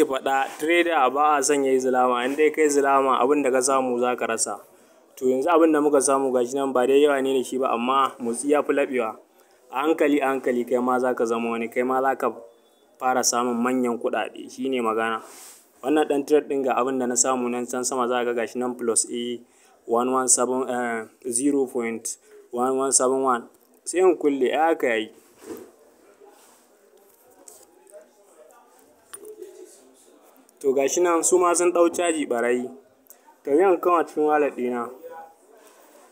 suke faɗa trader ba a son yi zulama in dai kai zulama abin da ka samu za ka rasa. To yanzu abin da muka samu gashi nan ba dai yawa ne da shi ba amma motsi ya fi laɓewa. A hankali a hankali kai ma za ka zama wani, kai ma za ka fara samun manyan kuɗaɗe shi ne magana. Wannan ɗan trade ɗin ga abin da na samu nan can sama za ka ga gashi nan plus a one one eh, sai in kulle ya ka yi. to ga shi nan su ma sun ɗau caji ɓarayi to yan a cikin wallet ɗina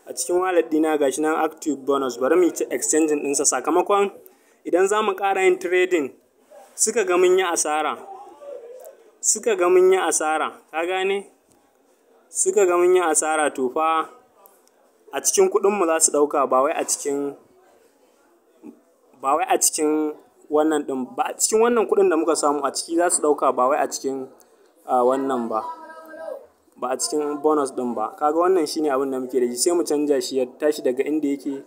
a cikin wallet ɗina shi nan active bonus bari mu ci exchanging ɗinsa sakamakon idan za mu ƙara yin trading suka ga mun yi asara suka ga mun yi asara ka gane suka ga mun yi asara to fa a cikin mu za su ɗauka ba wai a cikin ba wai a cikin wannan ɗin ba a cikin wannan kuɗin da muka samu a ciki za su ɗauka ba wai a cikin a wannan ba ba a cikin bonus din ba kaga wannan shine abin da muke da shi sai mu canja shi ya tashi daga inda yake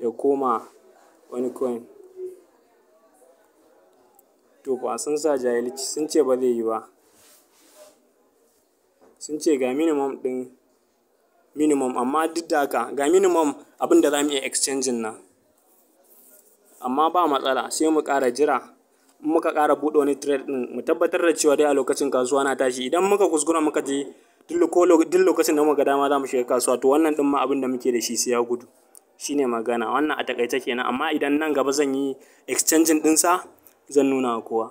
ya koma wani coin to ba sun sa jahilci sun ce ba zai yi ba sun ce ga minimum din minimum amma duk da haka ga minimum abin da za mu iya exchanging nan amma ba matsala sai mu kara jira muka kara buɗe wani trade ɗin mu tabbatar da cewa dai a lokacin kasuwa na tashi idan muka kuskura muka je duk lokacin da muka ga dama za mu shiga kasuwa to wannan ɗin ma abin da muke da shi sai ya gudu shine magana wannan a takaice kenan amma idan nan gaba zan yi exchanging ɗinsa zan nuna wa kowa